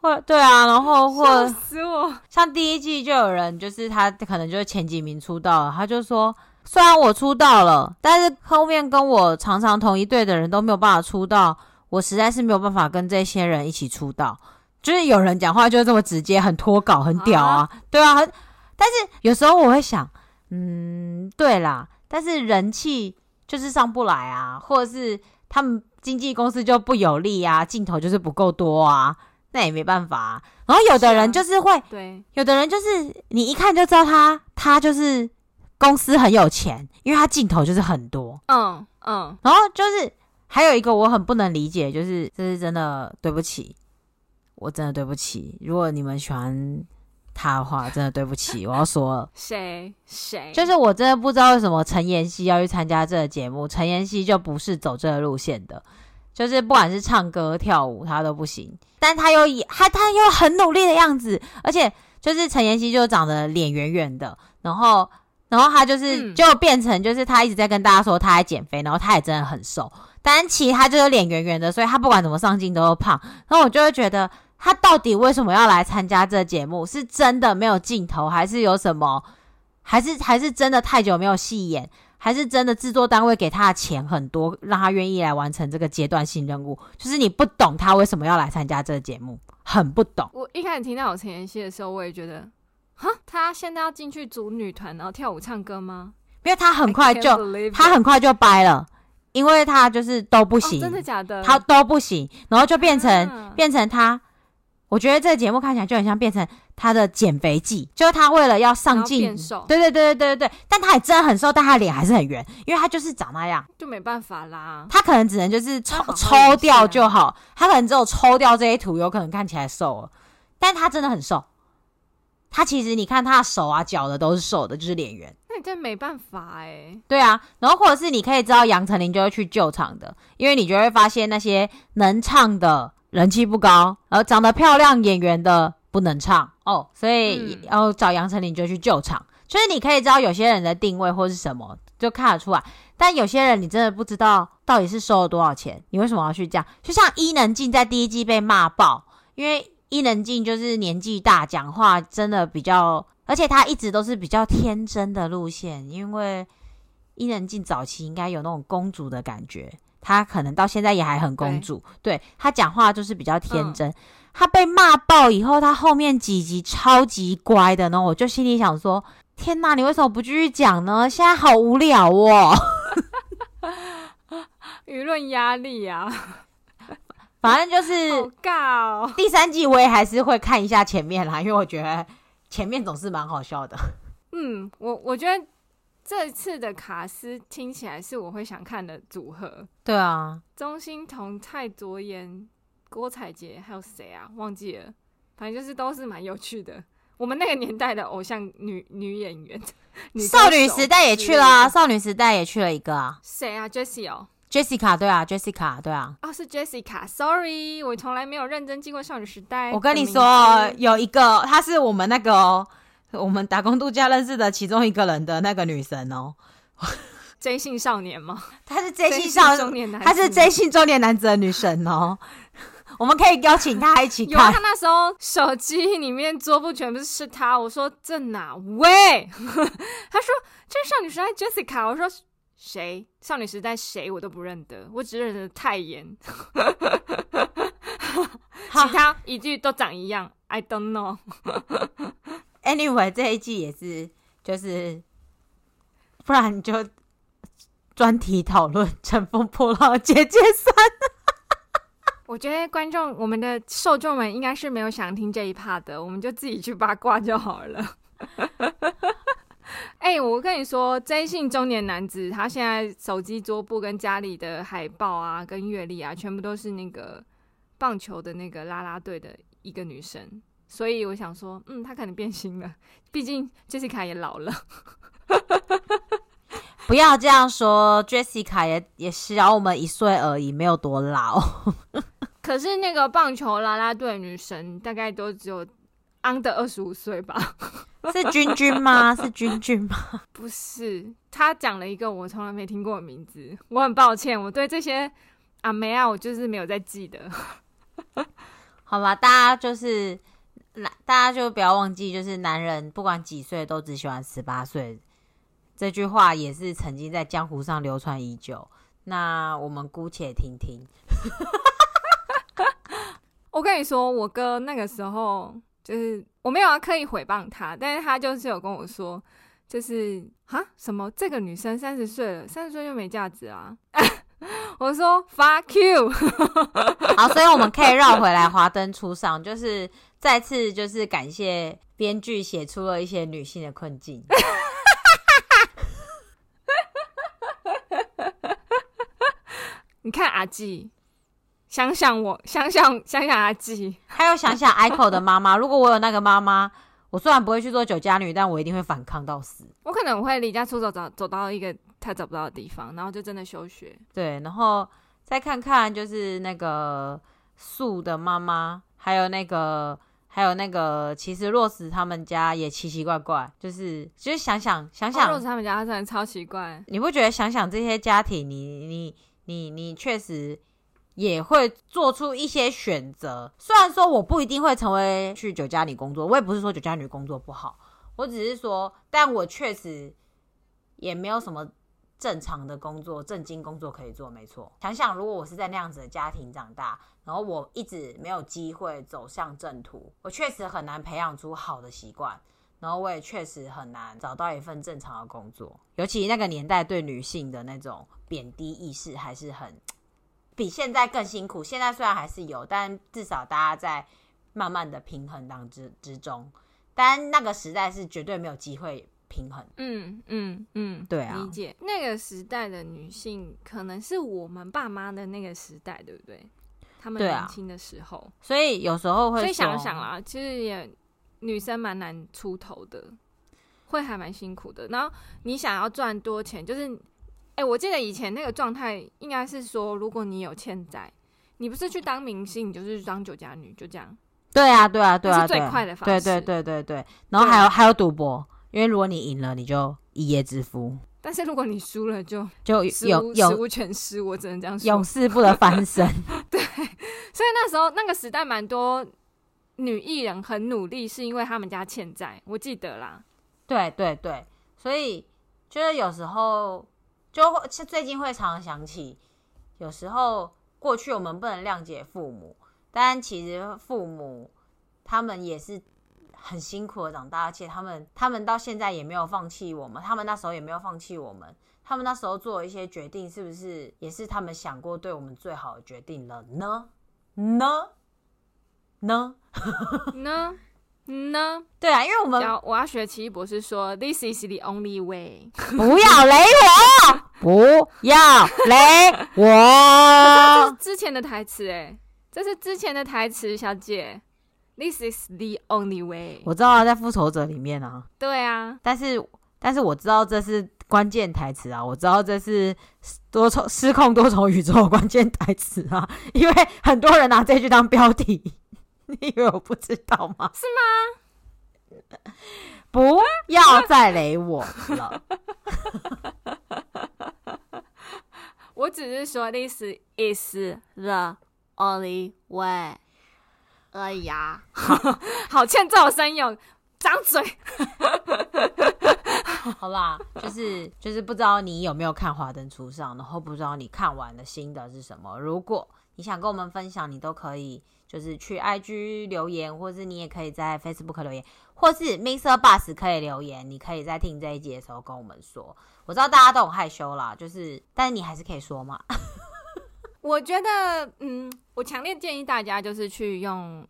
或對啊，然後或笑死我。像第一季就有人，就是他可能就是前幾名出道了，他就說：雖然我出道了，但是後面跟我常常同一隊的人都沒有辦法出道，我實在是沒有辦法跟這些人一起出道。就是有人講話就是這麼直接，很脫稿，很屌啊，啊對啊，很。但是有時候我會想，嗯，對啦，但是人氣就是上不來啊，或者是他們經紀公司就不有利啊，鏡頭就是不夠多啊，那也沒辦法啊。然後有的人就是會，對，有的人就是你一看就知道他，他就是公司很有錢，因為他鏡頭就是很多，嗯嗯，嗯，然後就是還有一個我很不能理解，就是這是真的對不起。我真的對不起，如果你們喜歡他的話，真的對不起，我要說了，誰誰，就是我真的不知道為什麼陳妍希要去參加這個節目。陳妍希就不是走這個路線的，就是不管是唱歌跳舞，他都不行。但他又也，他他又很努力的樣子，而且就是陳妍希就長得臉圓圓的，然後然後他就是就變成就是他一直在跟大家說他在減肥，然後他也真的很瘦，但其實他就是臉圓圓的，所以他不管怎麼上鏡都會胖。然後我就會覺得。他到底為什麼要來參加這個節目？是真的沒有鏡頭，還是有什麼？還是還是真的太久沒有戲演？還是真的制作單位給他的錢很多，讓他願意來完成這個階段性任務？就是你不懂他為什麼要來參加這個節目，很不懂。我一開始聽到有陳妍希的時候，我也覺得，哈，他現在要進去組女團，然後跳舞唱歌嗎？因為他很快就他很快就掰了，因為他就是都不行，oh, 真的假的？他都不行，然後就變成、啊、變成他。我覺得這個節目看起來就很像變成他的減肥計，就是他為了要上鏡，變瘦，對對對對對對，但他也真的很瘦，但他臉還是很圓，因為他就是長那樣，就沒辦法啦。他可能只能就是抽抽掉就好，他可能只有抽掉這些圖，有可能看起來瘦了，但他真的很瘦。他其實你看他的手啊、腳的都是瘦的，就是臉圓，那你真沒辦法哎、欸。對啊，然後或者是你可以知道楊丞琳就會去救場的，因為你就會發現那些能唱的。人氣不高，然後長得漂亮演員的不能唱哦，oh, 所以要、嗯、找楊丞琳就去救場。所以你可以知道有些人的定位或是什麼，就看得出來。但有些人你真的不知道到底是收了多少錢，你為什麼要去這樣？就像伊能靜在第一季被罵爆，因為伊能靜就是年紀大，講話真的比較，而且她一直都是比較天真的路線，因為伊能靜早期應該有那種公主的感覺。他可能到現在也還很公主，欸、對，他講話就是比較天真。嗯、他被罵爆以後，他後面幾集超級乖的呢，我就心裡想說：天哪，你為什麼不繼續講呢？現在好無聊哦。輿論壓力啊，反正就是。Oh God。第三季我也還是會看一下前面啦，因為我覺得前面總是蠻好笑的。嗯，我我覺得。這次的卡司聽起來是我會想看的組合。對啊，鍾欣桐、蔡卓妍、郭采潔，還有誰啊？忘記了，反正就是都是蠻有趣的。我們那個年代的偶像女女演員，女少女時代也去了、啊，女少女時代也去了一個啊。誰啊？Jessie 哦，Jessica 對啊，Jessica 對啊。Jessica, 對啊哦，是 Jessica。Sorry，我從來沒有認真記過少女時代。我跟你說，有一個，她是我們那個、哦。我們打工度假認識的其中一個人的那個女神哦、喔，追星少年嗎？他是追星少，中年男，她是追星中年男子的女神哦、喔。 *laughs* 我們可以邀請他一起看、啊。他那時候手機裡面桌布全部是她。我說這哪位？ *laughs* 他說這是少女時代 Jessica。我說誰？少女時代誰我都不認得，我只認得泰妍。 *laughs* 其他一句都長一樣好，I don't know。 *laughs* Anyway，這一季也是，就是，不然你就專題討論《乘風破浪》姐姐算了。我覺得觀眾、我們的受眾們應該是沒有想聽這一 part 的，我們就自己去八卦就好了。哎、 *laughs* *laughs* *laughs* 欸，我跟你說，真性中年男子他現在手機桌布跟家裡的海報啊，跟月曆啊，全部都是那個棒球的那個啦啦隊的一個女生。所以我想說，嗯，他可能變心了。畢竟 Jessica 也老了， *laughs* 不要這樣說，Jessica 也也小我們一歲而已，沒有多老。 *laughs* 可是那個棒球啦啦隊女神大概都只有 under 二十五歲吧？ *laughs* 是君君嗎？是君君嗎？不是，他講了一個我從來沒聽過的名字，我很抱歉，我對這些啊沒啊，我就是沒有在記得。 *laughs* 好吧，大家就是。大家就不要忘記，就是男人不管幾歲都只喜歡十八歲這句話，也是曾經在江湖上流傳已久。那我們姑且聽聽。 *laughs* *laughs* 我跟你說，我哥那個時候就是我沒有要刻意毀謗他，但是他就是有跟我說，就是啊什麼這個女生三十歲了，三十歲就沒價值啊。 *laughs* 我說 fuck you， *laughs* 好，所以我們可以繞回來，華燈初上，就是再次就是感謝編劇寫出了一些女性的困境。 *laughs* 你看阿季，想想我，想想想想阿季，還有想想愛子的媽媽。如果我有那個媽媽，我雖然不會去做酒家女，但我一定會反抗到死。我可能會離家出走，走走到一個。他找不到的地方，然後就真的休學。對，然後再看看就是那個蘇的媽媽，還有那個還有那個，其實蘿絲他們家也奇奇怪怪。就是其實想想想想，蘿絲、哦、他們家他真的超奇怪。你不覺得？想想這些家庭你，你你你你確實也會做出一些選擇。雖然說我不一定會成為去酒家裡工作，我也不是說酒家女工作不好，我只是說，但我確實也沒有什麼。正常的工作，正經工作可以做，沒錯。想想，如果我是在那樣子的家庭長大，然後我一直沒有機會走向正途，我確實很難培養出好的習慣，然後我也確實很難找到一份正常的工作。尤其那個年代對女性的那種貶低意識還是很比現在更辛苦。現在雖然還是有，但至少大家在慢慢的平衡當之中，但那個時代是絕對沒有機會。平衡，嗯嗯嗯，嗯嗯對啊，理解那個時代的女性，可能是我們爸媽的那個時代，對不對？他們年輕的時候，啊、所以有時候會所以想想啦、啊，其實也女生蠻難出頭的，會還蠻辛苦的。然後你想要賺多錢，就是，哎，我記得以前那個狀態，應該是說，如果你有欠債，你不是去當明星，你就是當酒家女，就這樣對、啊。對啊，對啊，對啊，對是最快的方式，對對對對對。然後還有、嗯、還有賭博。因為如果你贏了，你就一夜致富；但是如果你輸了，就就死死無全屍。我只能這樣說，永世不得翻身。 *laughs* 對，所以那時候那個時代蠻多女藝人很努力，是因為他們家欠債。我記得啦，對對對，所以就是有時候就會最近會常常想起，有時候過去我們不能諒解父母，但其實父母他們也是。很辛苦的長大，而且他們他們到現在也沒有放棄我們，他們那時候也沒有放棄我們，他們那時候做了一些決定，是不是也是他們想過對我們最好的決定了呢？呢？呢？呢？呢？對啊，因為我們要我要學奇異博士說，This is the only way。 *laughs* 不要雷我，不要雷我。 *laughs* 之前的台詞哎、欸，這是之前的台詞，小姐。This is the only way。我知道啊，在復仇者裡面啊。對啊，但是但是我知道這是關鍵台詞啊，我知道這是多重失控多重宇宙的關鍵台詞啊，因為很多人拿這句當標題， *laughs* 你以為我不知道嗎？是嗎？ *laughs* 不要再雷我了。 *laughs* *laughs* 我只是說，This is the only way。哎呀， *laughs* 好欠揍，聲音掌嘴， *laughs* *laughs* 好吧，就是就是不知道你有沒有看《華燈初上》，然後不知道你看完的心得是什麼。如果你想跟我們分享，你都可以，就是去 IG 留言，或是你也可以在 Facebook 留言，或是 MixerBox 可以留言。你可以在聽這一集的時候跟我們說。我知道大家都很害羞啦，就是，但是你還是可以說嘛。 *laughs* 我覺得，嗯，我強烈建議大家就是去用，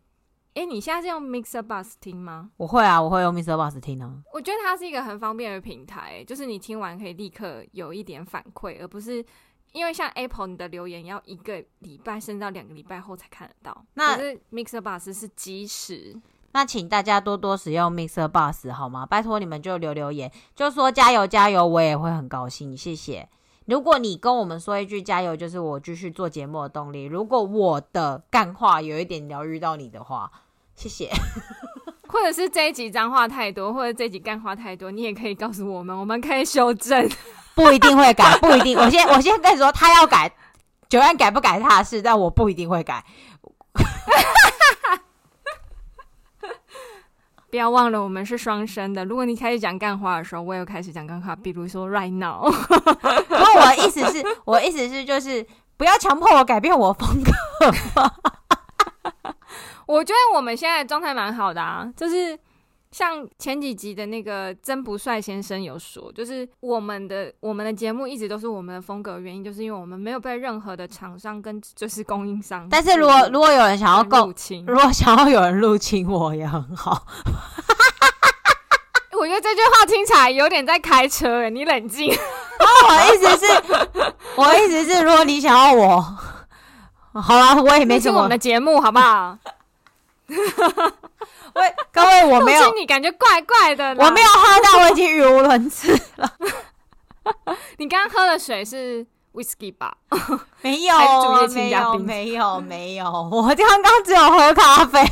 哎、欸，你現在是用 Mixerbox 聽嗎？我會啊，我會用 Mixerbox 聽呢。我覺得它是一個很方便的平台，就是你聽完可以立刻有一點反饋，而不是因為像 Apple 你的留言要一個禮拜甚至到兩個禮拜後才看得到。那 Mixerbox 是，er、Mixerbox 是即時。那請大家多多使用 Mixerbox 好嗎？拜託你們就留留言，就說加油加油，我也會很高興，謝謝。如果你跟我們說一句加油，就是我繼續做節目的動力。如果我的幹話有一點療癒到你的話，謝謝。或者是這一集髒話太多，或者這一集幹話太多，你也可以告訴我們，我們可以修正。不一定會改，不一定。 *laughs* 我先我先跟你說，他要改，久安改不改他的事，但我不一定會改。 *laughs* 不要忘了，我們是雙生的。如果你開始講乾話的時候，我有開始講乾話。比如說，right now，不過 *laughs* *laughs* 我的意思是，我的意思是，就是 *laughs* 不要強迫我改變我風格。 *laughs* *laughs* 我覺得我們現在狀態蠻好的啊，就是。像前幾集的那個真不帥先生有說，就是我們的我們的節目一直都是我們的風格，原因就是因為我們沒有被任何的廠商跟就是供應商。但是如果如果有人想要攻，如果想要有人入侵，我也很好。 *laughs* *laughs* *laughs* 我覺得這句話聽起來有點在開車，你冷靜、 *laughs* 哦。我意思是，我意思是，我意思是，如果你想要我，好啦，我也沒什麼。我們的節目，好不好？ *laughs* 我 *laughs* 喂 *laughs* 各位，我沒有，你感覺怪怪的。我沒有喝到，我已經語無倫次了。 *laughs* *laughs* 你剛剛喝的水是 whisky 吧？ *laughs* 沒有，沒有，沒有，沒有。我剛剛只有喝咖啡，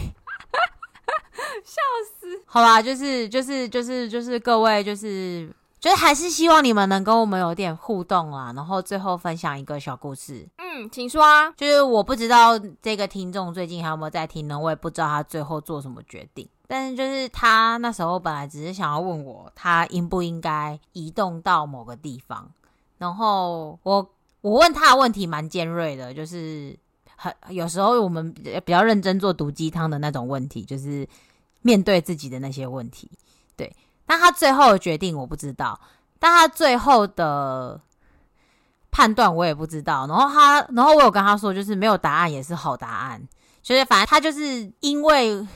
笑死。 *laughs* 好吧，就是就是就是就是各位就是。就是就是就是還是希望你們能跟我們有點互動啊，然後最後分享一個小故事。嗯，請說啊。就是我不知道這個聽眾最近還有沒有在聽呢，我也不知道他最後做什麼決定。但是就是他那時候本來只是想要問我，他應不應該移動到某個地方。然後我我問他的問題蠻尖銳的，就是很，有時候我們比較認真做毒雞湯的那種問題，就是面對自己的那些問題，對。但他最後的決定我不知道，但他最後的判斷我也不知道。然後他，然後我有跟他說，就是沒有答案也是好答案。就是反正他就是因為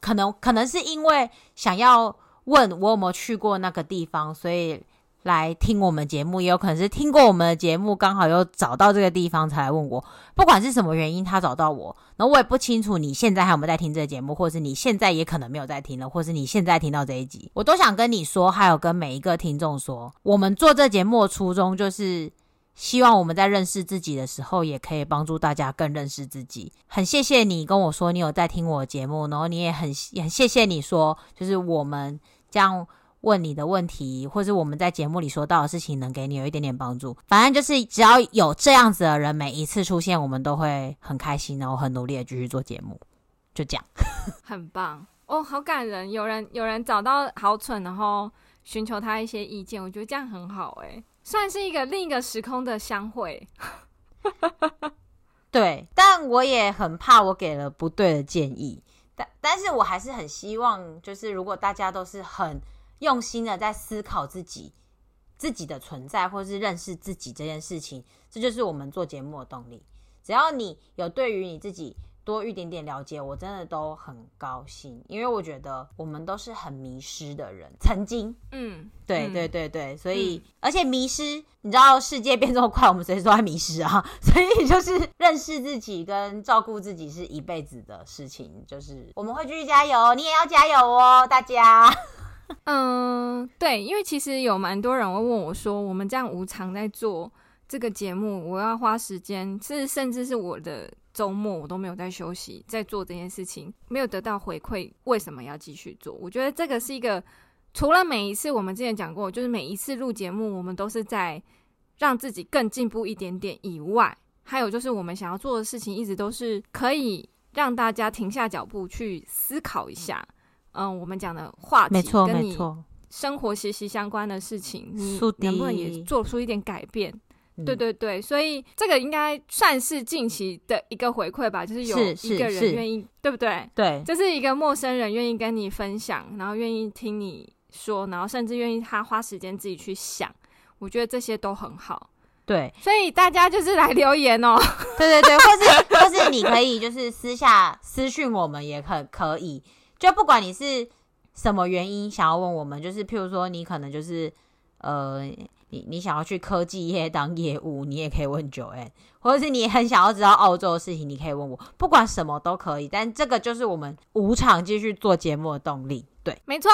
可能，可能是因為想要問我有沒有去過那個地方，所以。來聽我們節目，也有可能是聽過我們的節目，剛好又找到這個地方才來問我。不管是什麼原因，他找到我，然後我也不清楚你現在還有沒有在聽這個節目，或是你現在也可能沒有在聽了，或是你現在聽到這一集，我都想跟你說，還有跟每一個聽眾說，我們做這節目的初衷就是希望我們在認識自己的時候，也可以幫助大家更認識自己。很謝謝你跟我說你有在聽我的節目，然後你也很也很謝謝你說，就是我們這樣問你的問題，或是我們在節目裡說到的事情，能給你有一點點幫助。反正就是只要有這樣子的人每一次出現，我們都會很開心，然後很努力的繼續做節目。就這樣， *laughs* 很棒哦，好感人。有人有人找到好蠢，然後尋求他一些意見，我覺得這樣很好哎，算是一個另一個時空的相會。 *laughs* 對，但我也很怕我給了不對的建議，但但是我還是很希望，就是如果大家都是很。用心的在思考自己、自己的存在，或是認識自己這件事情，這就是我們做節目的動力。只要你有對於你自己多一點點了解，我真的都很高興，因為我覺得我們都是很迷失的人。曾經，嗯，對嗯對對對，所以、嗯、而且迷失，你知道世界變這麼快，我們隨時都在迷失啊。所以就是認識自己跟照顧自己是一輩子的事情。就是我們會繼續加油，你也要加油哦，大家。嗯，對，因為其實有蠻多人會問我說，我們這樣無償在做這個節目，我要花時間，是甚至是我的周末，我都沒有在休息，在做這件事情，沒有得到回饋，為什麼要繼續做？我覺得這個是一個，除了每一次我們之前講過，就是每一次錄節目，我們都是在讓自己更進步一點點以外，還有就是我們想要做的事情，一直都是可以讓大家停下腳步去思考一下。嗯，我們講的話題，沒錯，跟你生活息息相關的事情，錯你能不能也做出一點改變？嗯、對對對，所以這個應該算是近期的一個回饋吧，就是有一個人願意，對不對？對，就是一個陌生人願意跟你分享，然後願意聽你說，然後甚至願意他花時間自己去想，我覺得這些都很好。對，所以大家就是來留言哦、喔，對對對，或是或是你可以就是私下私訊，我們也很可，可以。就不管你是什麼原因想要問我們，就是譬如說你可能就是呃，你你想要去科技業當業務，你也可以問久安，或者是你很想要知道澳洲的事情，你可以問我，不管什麼都可以。但這個就是我們無償繼續做節目的動力。對，沒錯。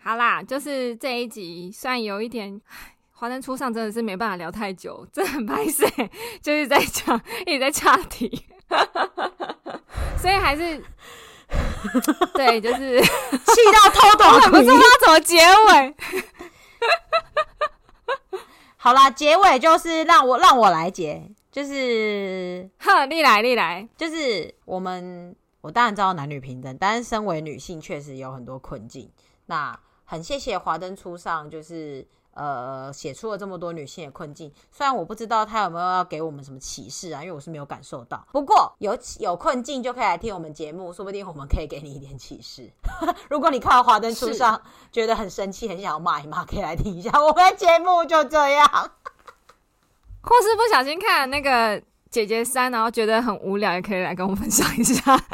好啦，就是這一集算有一點華燈初上，真的是沒辦法聊太久，這很拍謝，就是在講，一直在岔題， *laughs* 所以還是。 *laughs* 對，就是氣 *laughs* 到偷偷可 *laughs* 不知道他怎麼結尾。 *laughs* *laughs* *laughs* 好啦，結尾就是讓我讓我來結，就是哼，你來你來，你來就是我們。我當然知道男女平等，但是身為女性確實有很多困境。那很謝謝華燈初上，就是。呃，寫出了這麼多女性的困境，雖然我不知道她有沒有要給我們什麼啟示啊，因為我是沒有感受到。不過有有困境就可以來聽我們節目，說不定我們可以給你一點啟示。 *laughs* 如果你看到《華燈初上》是覺得很生氣，很想要罵一罵，可以來聽一下我們的節目。就這樣， *laughs* 或是不小心看了那個姊姊、哦《姐姐三》，然後覺得很無聊，也可以來跟我們分享一下。 *laughs*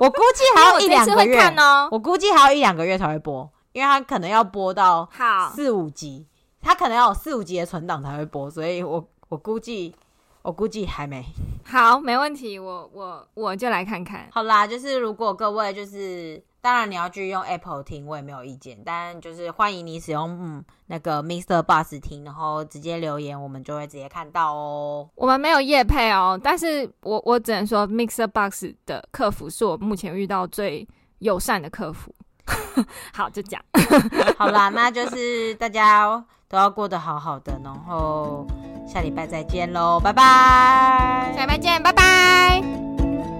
我估計還有一兩個月，我，看哦、我估計還有一兩個月才會播。因為他可能要播到好四五集，好他可能要有四五集的存檔才會播，所以，我我估計，我估計還沒好，沒問題，我我我就來看看。好啦，就是如果各位就是，當然你要去用 Apple 聽，我也沒有意見，但就是歡迎你使用嗯那個 MixerBox 聽，然後直接留言，我們就會直接看到哦。我們沒有業配哦，但是我我只能說，MixerBox 的客服是我目前遇到最友善的客服。 *laughs* 好，就這樣， *laughs* *laughs* 好啦，那就是大家都要過得好好的，然後下禮拜再見嘍，拜拜，下禮拜見，拜拜。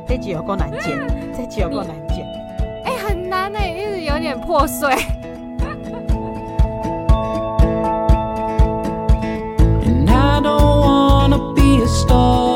這集有夠難剪， *laughs* 這集有夠難剪，哎、欸，很難哎、欸，因為有點破碎。 *laughs*